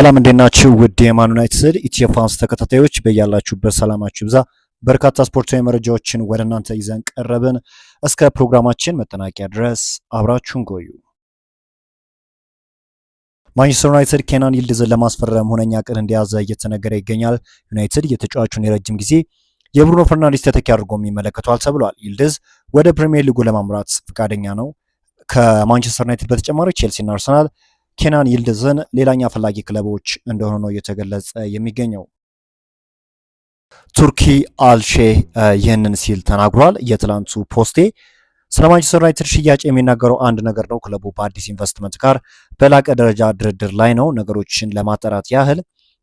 ሰላም እንዴት ውድ የማን ዩናይትድ ኢትዮ ፋንስ ተከታታዮች በያላችሁበት ሰላማችሁ ብዛ። በርካታ ስፖርታዊ መረጃዎችን ወደ እናንተ ይዘን ቀረብን። እስከ ፕሮግራማችን መጠናቂያ ድረስ አብራችሁን ቆዩ። ማንቸስተር ዩናይትድ ኬናን ይልድዝን ለማስፈረም ሁነኛ ዕቅድ እንደያዘ እየተነገረ ይገኛል። ዩናይትድ የተጫዋቹን የረጅም ጊዜ የብሩኖ ፈርናንዴስ ተተኪ አድርጎ የሚመለከተዋል ተብሏል። ይልድዝ ወደ ፕሪሚየር ሊጉ ለማምራት ፈቃደኛ ነው። ከማንቸስተር ዩናይትድ በተጨማሪ ቼልሲና አርሰናል ኬናን ይልድዝን ሌላኛ ፈላጊ ክለቦች እንደሆነ ነው እየተገለጸ የሚገኘው። ቱርኪ አልሼ ይህንን ሲል ተናግሯል። የትላንቱ ፖስቴ ስለ ማንቸስተር ዩናይትድ ሽያጭ የሚናገረው አንድ ነገር ነው። ክለቡ በአዲስ ኢንቨስትመንት ጋር በላቀ ደረጃ ድርድር ላይ ነው። ነገሮችን ለማጠራት ያህል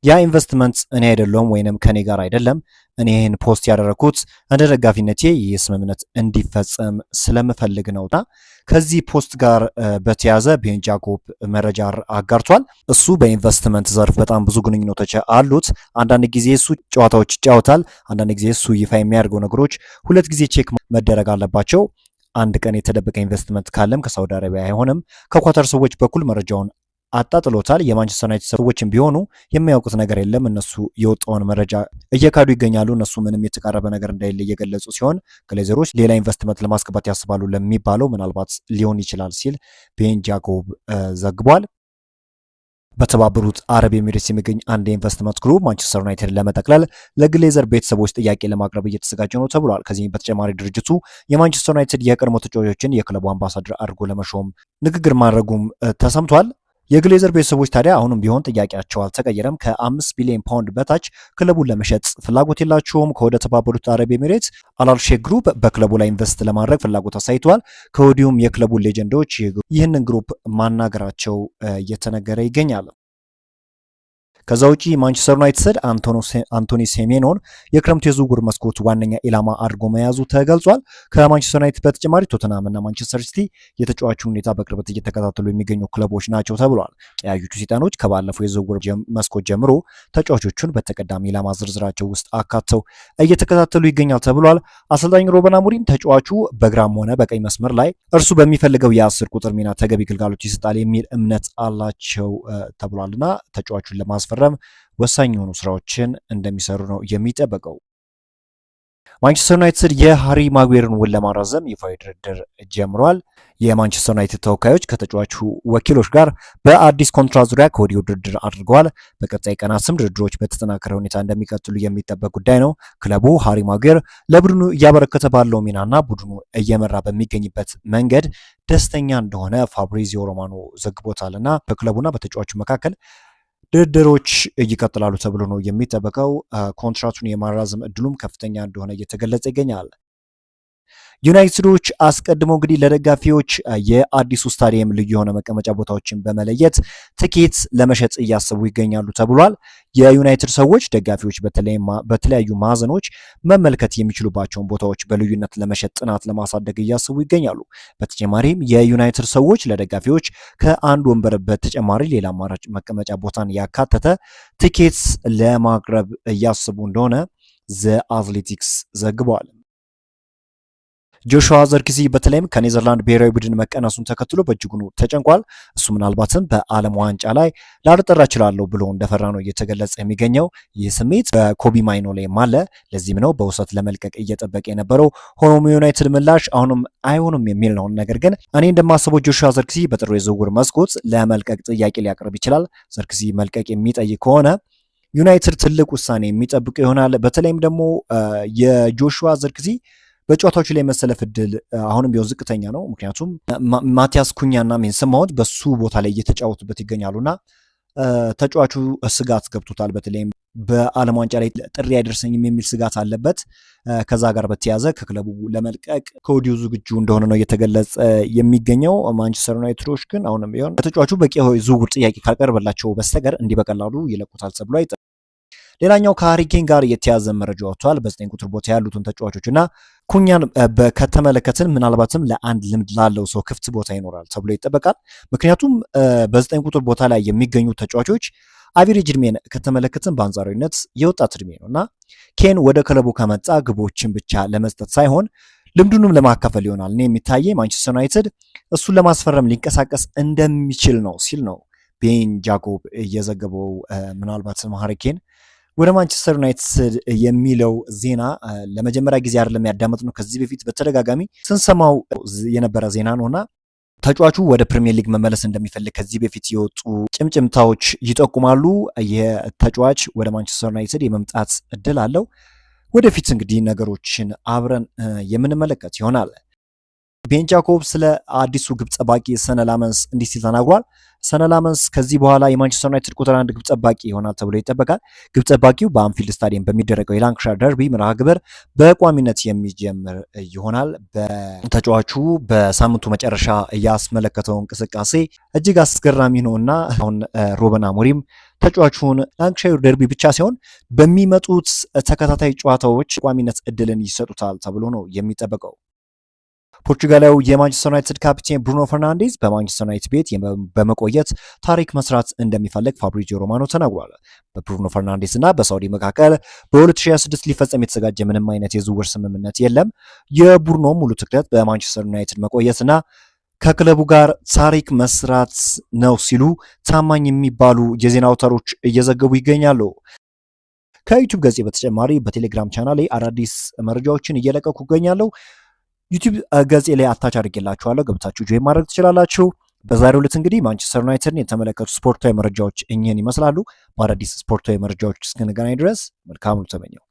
ያ ኢንቨስትመንት እኔ አይደለም ወይንም ከኔ ጋር አይደለም። እኔ ይህን ፖስት ያደረግኩት እንደ ደጋፊነቴ ይህ ስምምነት እንዲፈጸም ስለምፈልግ ነውና ከዚህ ፖስት ጋር በተያዘ ቤን ጃኮብ መረጃ አጋርቷል። እሱ በኢንቨስትመንት ዘርፍ በጣም ብዙ ግንኙነቶች አሉት። አንዳንድ ጊዜ እሱ ጨዋታዎች ይጫወታል። አንዳንድ ጊዜ እሱ ይፋ የሚያደርገው ነገሮች ሁለት ጊዜ ቼክ መደረግ አለባቸው። አንድ ቀን የተደበቀ ኢንቨስትመንት ካለም ከሳውዲ አረቢያ አይሆንም። ከኳተር ሰዎች በኩል መረጃውን አጣጥሎታል። የማንቸስተር ዩናይትድ ሰዎችም ቢሆኑ የሚያውቁት ነገር የለም። እነሱ የወጣውን መረጃ እየካዱ ይገኛሉ። እነሱ ምንም የተቃረበ ነገር እንደሌለ እየገለጹ ሲሆን፣ ግሌዘሮች ሌላ ኢንቨስትመንት ለማስገባት ያስባሉ ለሚባለው ምናልባት ሊሆን ይችላል ሲል ቤን ጃኮብ ዘግቧል። በተባበሩት አረብ ኤሚሬትስ የሚገኝ አንድ የኢንቨስትመንት ግሩፕ ማንቸስተር ዩናይትድ ለመጠቅለል ለግሌዘር ቤተሰቦች ጥያቄ ለማቅረብ እየተዘጋጀ ነው ተብሏል። ከዚህም በተጨማሪ ድርጅቱ የማንቸስተር ዩናይትድ የቀድሞ ተጫዋቾችን የክለቡ አምባሳደር አድርጎ ለመሾም ንግግር ማድረጉም ተሰምቷል። የግሌዘር ቤተሰቦች ታዲያ አሁንም ቢሆን ጥያቄያቸው አልተቀየረም። ከአምስት ቢሊዮን ፓውንድ በታች ክለቡን ለመሸጥ ፍላጎት የላቸውም። ከወደ ተባበሩት አረብ ኤሚሬት አላልሼክ ግሩፕ በክለቡ ላይ ኢንቨስት ለማድረግ ፍላጎት አሳይተዋል። ከወዲሁም የክለቡን ሌጀንዶች ይህንን ግሩፕ ማናገራቸው እየተነገረ ይገኛል። ከዛ ውጪ ማንቸስተር ዩናይትድ አንቶኒ ሴሜኖን የክረምቱ የዝውውር መስኮት ዋነኛ ኢላማ አድርጎ መያዙ ተገልጿል። ከማንቸስተር ዩናይትድ በተጨማሪ ቶተናም እና ማንቸስተር ሲቲ የተጫዋቹን ሁኔታ በቅርበት እየተከታተሉ የሚገኙ ክለቦች ናቸው ተብሏል። ቀያዮቹ ሰይጣኖች ከባለፈው የዝውውር መስኮት ጀምሮ ተጫዋቾቹን በተቀዳሚ ኢላማ ዝርዝራቸው ውስጥ አካተው እየተከታተሉ ይገኛል ተብሏል። አሰልጣኝ ሮበን አሞሪም ተጫዋቹ በግራም ሆነ በቀኝ መስመር ላይ እርሱ በሚፈልገው የአስር ቁጥር ሚና ተገቢ ግልጋሎት ይሰጣል የሚል እምነት አላቸው ተብሏልና ተጫዋቹን ለማስፈር ለማስፈረም ወሳኝ የሆኑ ስራዎችን እንደሚሰሩ ነው የሚጠበቀው። ማንቸስተር ዩናይትድ የሃሪ ማጉዌርን ውል ለማራዘም ይፋዊ ድርድር ጀምሯል። የማንቸስተር ዩናይትድ ተወካዮች ከተጫዋቹ ወኪሎች ጋር በአዲስ ኮንትራት ዙሪያ ከወዲሁ ድርድር አድርገዋል። በቀጣይ ቀናትም ድርድሮች በተጠናከረ ሁኔታ እንደሚቀጥሉ የሚጠበቅ ጉዳይ ነው። ክለቡ ሃሪ ማጉዌር ለቡድኑ እያበረከተ ባለው ሚናና ቡድኑ እየመራ በሚገኝበት መንገድ ደስተኛ እንደሆነ ፋብሪዚዮ ሮማኖ ዘግቦታልና በክለቡና በተጫዋቹ መካከል ድርድሮች ይቀጥላሉ ተብሎ ነው የሚጠበቀው። ኮንትራቱን የማራዘም እድሉም ከፍተኛ እንደሆነ እየተገለጸ ይገኛል። ዩናይትዶች አስቀድሞ እንግዲህ ለደጋፊዎች የአዲሱ ስታዲየም ልዩ የሆነ መቀመጫ ቦታዎችን በመለየት ትኬት ለመሸጥ እያሰቡ ይገኛሉ ተብሏል። የዩናይትድ ሰዎች ደጋፊዎች በተለያዩ ማዕዘኖች መመልከት የሚችሉባቸውን ቦታዎች በልዩነት ለመሸጥ ጥናት ለማሳደግ እያሰቡ ይገኛሉ። በተጨማሪም የዩናይትድ ሰዎች ለደጋፊዎች ከአንድ ወንበር በተጨማሪ ሌላ አማራጭ መቀመጫ ቦታን ያካተተ ትኬት ለማቅረብ እያስቡ እንደሆነ ዘ አትሌቲክስ ዘግቧል። ጆሹዋ ዘርክዚ በተለይም ከኔዘርላንድ ብሔራዊ ቡድን መቀነሱን ተከትሎ በእጅጉኑ ተጨንቋል። እሱ ምናልባትም በዓለም ዋንጫ ላይ ላልጠራ እችላለሁ ብሎ እንደፈራ ነው እየተገለጸ የሚገኘው። ይህ ስሜት በኮቢ ማይኖ ላይም አለ። ለዚህም ነው በውሰት ለመልቀቅ እየጠበቀ የነበረው። ሆኖም የዩናይትድ ምላሽ አሁንም አይሆንም የሚል ነው። ነገር ግን እኔ እንደማስበው ጆሹዋ ዘርክዚ በጥሩ የዝውውር መስኮት ለመልቀቅ ጥያቄ ሊያቀርብ ይችላል። ዘርክዚ መልቀቅ የሚጠይቅ ከሆነ ዩናይትድ ትልቅ ውሳኔ የሚጠብቅ ይሆናል። በተለይም ደግሞ የጆሹዋ ዘርክዚ በጨዋታዎች ላይ መሰለፍ እድል አሁንም ቢሆን ዝቅተኛ ነው። ምክንያቱም ማቲያስ ኩኛና ሜንሰን ማውንት በሱ ቦታ ላይ እየተጫወቱበት ይገኛሉና ተጫዋቹ ስጋት ገብቶታል። በተለይም በዓለም ዋንጫ ላይ ጥሪ አይደርሰኝም የሚል ስጋት አለበት። ከዛ ጋር በተያዘ ከክለቡ ለመልቀቅ ከወዲሁ ዝግጁ እንደሆነ ነው እየተገለጸ የሚገኘው። ማንቸስተር ዩናይትዶች ግን አሁንም ቢሆን ተጫዋቹ በቂ ዝውውር ጥያቄ ካልቀረበላቸው በስተቀር እንዲህ በቀላሉ ይለቁታል ተብሎ ሌላኛው ከሃሪኬን ጋር የተያዘ መረጃ ወጥቷል። በዘጠኝ ቁጥር ቦታ ያሉትን ተጫዋቾች እና ኩኛን ከተመለከትን ምናልባትም ለአንድ ልምድ ላለው ሰው ክፍት ቦታ ይኖራል ተብሎ ይጠበቃል። ምክንያቱም በዘጠኝ ቁጥር ቦታ ላይ የሚገኙ ተጫዋቾች አቪሬጅ እድሜን ከተመለከትን በአንጻራዊነት የወጣት እድሜ ነው እና ኬን ወደ ክለቡ ከመጣ ግቦችን ብቻ ለመስጠት ሳይሆን ልምዱንም ለማካፈል ይሆናል። እኔ የሚታየ ማንቸስተር ዩናይትድ እሱን ለማስፈረም ሊንቀሳቀስ እንደሚችል ነው ሲል ነው ቤን ጃኮብ እየዘገበው ምናልባት ሃሪ ኬን ወደ ማንቸስተር ዩናይትድ የሚለው ዜና ለመጀመሪያ ጊዜ አይደለም ያዳመጥ ነው። ከዚህ በፊት በተደጋጋሚ ስንሰማው የነበረ ዜና ነው እና ተጫዋቹ ወደ ፕሪሚየር ሊግ መመለስ እንደሚፈልግ ከዚህ በፊት የወጡ ጭምጭምታዎች ይጠቁማሉ። የተጫዋች ወደ ማንቸስተር ዩናይትድ የመምጣት እድል አለው። ወደፊት እንግዲህ ነገሮችን አብረን የምንመለከት ይሆናል። ቤን ስለ አዲሱ ግብ ጠባቂ ሰነ ላመንስ እንዲህ ሲል ተናግሯል። ሰነ ላመንስ ከዚህ በኋላ የማንቸስተር ዩናይትድ ቁጥር አንድ ግብ ጠባቂ ይሆናል ተብሎ ይጠበቃል። ግብ ጠባቂው በአንፊልድ ስታዲየም በሚደረገው የላንክሻር ደርቢ መርሃ ግብር በቋሚነት የሚጀምር ይሆናል። በተጫዋቹ በሳምንቱ መጨረሻ ያስመለከተው እንቅስቃሴ እጅግ አስገራሚ ነው እና አሁን ሮበን አሞሪም ተጫዋቹን ላንክሻር ደርቢ ብቻ ሳይሆን በሚመጡት ተከታታይ ጨዋታዎች ቋሚነት እድልን ይሰጡታል ተብሎ ነው የሚጠበቀው። ፖርቹጋላዊ የማንቸስተር ዩናይትድ ካፒቴን ብሩኖ ፈርናንዴዝ በማንቸስተር ዩናይትድ ቤት በመቆየት ታሪክ መስራት እንደሚፈልግ ፋብሪዚዮ ሮማኖ ተናግሯል። በብሩኖ ፈርናንዴዝ እና በሳውዲ መካከል በ2026 ሊፈጸም የተዘጋጀ ምንም አይነት የዝውውር ስምምነት የለም። የቡርኖ ሙሉ ትኩረት በማንቸስተር ዩናይትድ መቆየትና ከክለቡ ጋር ታሪክ መስራት ነው ሲሉ ታማኝ የሚባሉ የዜና አውታሮች እየዘገቡ ይገኛሉ። ከዩቱብ ገጽ በተጨማሪ በቴሌግራም ቻናል ላይ አዳዲስ መረጃዎችን እየለቀኩ ይገኛለሁ። ዩቲዩብ ገጽ ላይ አታች አድርጌላችኋለሁ። ገብታችሁ ጆይ ማድረግ ትችላላችሁ። በዛሬው ዕለት እንግዲህ ማንቸስተር ዩናይትድን የተመለከቱ ስፖርታዊ መረጃዎች እኚህን ይመስላሉ። በአዳዲስ ስፖርታዊ መረጃዎች እስክንገናኝ ድረስ መልካም ተመኘው።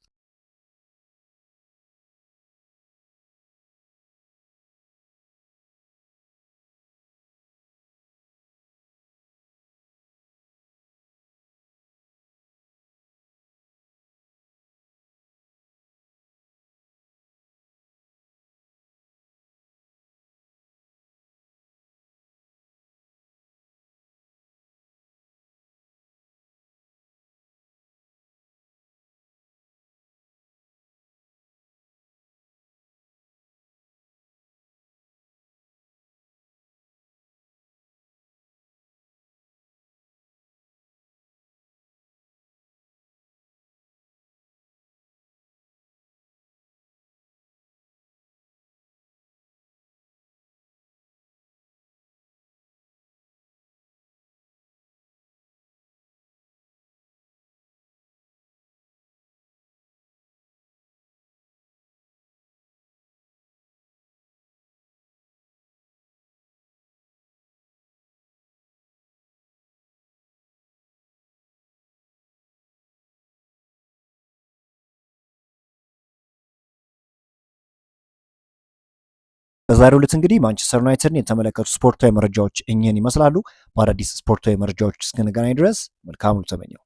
በዛሬው ዕለት እንግዲህ ማንቸስተር ዩናይትድን የተመለከቱ ስፖርታዊ መረጃዎች እኚህን ይመስላሉ። በአዳዲስ ስፖርታዊ መረጃዎች እስክንገናኝ ድረስ መልካሙን ተመኘው።